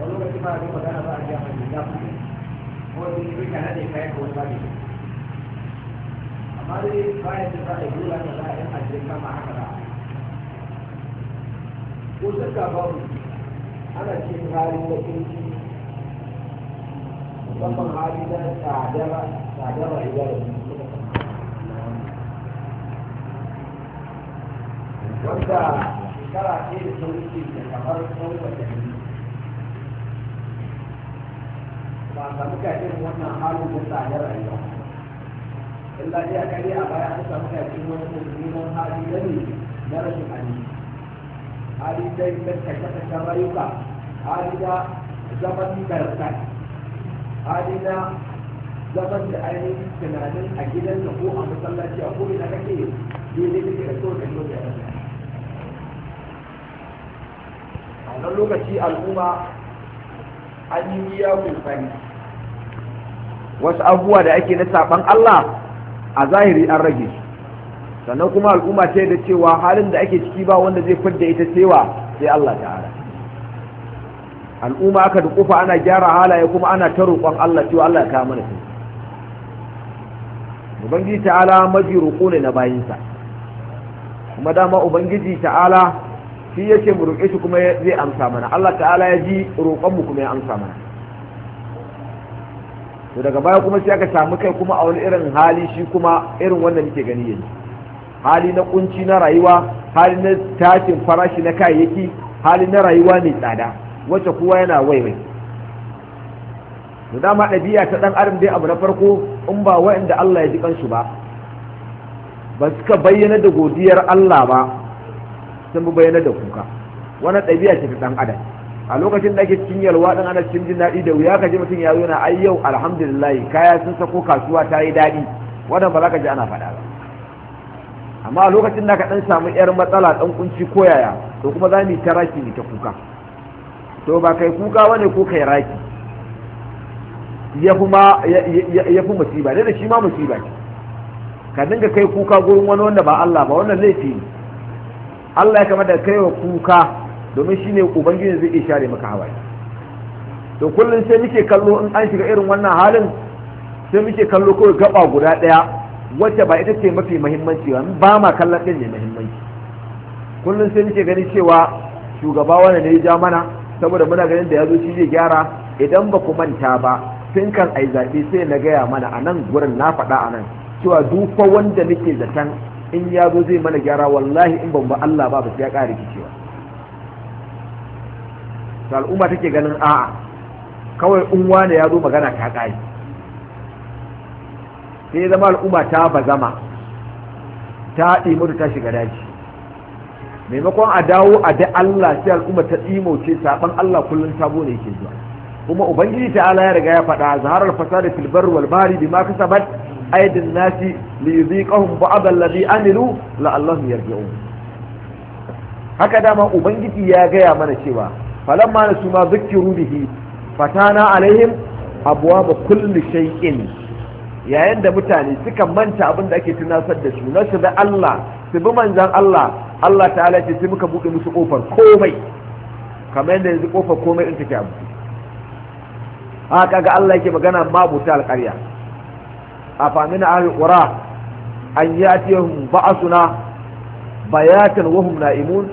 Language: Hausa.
wani lokaci ba a magana ba a ji a hannun ya fi ko da shi ka nade kayan ko ba ne amma dai bayan da za a yi dole da za a yi ajiyar kama haka ba ko shakka babu ana cikin halin da kunci musamman hali na tsadara tsadara rayuwa da wanda shekara ce da sun wuce da kamar tsawon watanni ba samu kafin wannan halin da tsadar rayuwa illa dai a kare a baya an samu kafin wani mummunan hali da ne na rashin aminci hali dai ta kashe-kashen rayuka hali da zaman barkat hali da zaman da ainihin tunanin a gidan da ko a masallaci a ko ina kake daidai ke da kawai kan yau a wannan lokaci al'umma an yi miya kokari wasu abubuwa da ake na saban Allah a zahiri an rage su sannan kuma al'umma ce da cewa halin da ake ciki ba wanda zai fidda ita cewa sai Allah ta'ala al'umma aka dukufa ana gyara halaye kuma ana ta roƙon Allah cewa Allah ya mana sai ubangiji ta'ala maji roƙo ne na bayinsa kuma dama ubangiji ta'ala shi yake mu roƙe shi kuma zai amsa mana Allah ta'ala ya ji roƙon mu kuma ya amsa mana to daga baya kuma sai aka samu kai kuma a wani irin hali shi kuma irin wannan muke gani yanzu hali na kunci na rayuwa hali na tashin farashi na kayayyaki hali na rayuwa mai tsada wacce kowa yana waiwai da dama ɗabi'a ta ɗan adam dai abu na farko in ba wa'anda Allah ya ji kansu ba ba suka bayyana da godiyar Allah ba sun bayyana da kuka wannan ɗabi'a ce ta ɗan adam a lokacin da ake cikin yalwa dan ana cikin jin daɗi da wuya ka ji mutum ya yana ai yau alhamdulillah kaya sun sako kasuwa ta yi daɗi wannan ba za ka ji ana faɗa ba amma a lokacin da ka dan samu yar matsala dan kunci ko yaya to kuma za mu yi ta raki ta kuka to ba kai kuka wane ko kai raki ya fi musiba ne da shi ma musiba ce ka dinga kai kuka gurin wani wanda ba Allah ba wannan laifi ne Allah ya kamata da kai wa kuka domin shi shine ubangiji zai iya share maka hawaye to kullum sai muke kallo in an shiga irin wannan halin sai muke kallo kawai gaba guda daya wacce ba ita ce mafi muhimmanci ba ba ma kallon din ne muhimmanci kullum sai muke gani cewa shugaba wani ne ya ja mana saboda muna ganin da ya zo shi zai gyara idan ba ku manta ba tun kan ai zaɓe sai na gaya mana a nan gurin na faɗa a nan cewa dufa wanda nake zaton in ya zo zai mana gyara wallahi in ban ba Allah ba ba sai ya ƙara rikicewa to al'umma take ganin a'a kawai in ne ya zo magana ta kai sai zama al'umma ta bazama ta ɗimoto ta shiga daji maimakon a dawo a da Allah sai al'umma ta ce saɓan Allah kullum sabo ne yake zuwa kuma ubangiji ta'ala ya riga ya faɗa zaharar fasada fil barri wal bahri bima kasabat aydin nasi li yuziqahum ba'd alladhi amilu la'allahum yarji'un haka dama ubangiji ya gaya mana cewa falamma na su ma zikiru bihi fatana alaihim abuwa ba kulli shaikin. yayin da mutane suka manta abin da ake tunasar da su na su da Allah su bi manzan Allah Allah ta'ala ce sai muka buɗe musu kofar komai kamar yadda yanzu kofar komai in take abu haka ga Allah yake magana ma buta alƙarya a famina ahli qura an yatihum ba'suna bayatan wa hum na'imun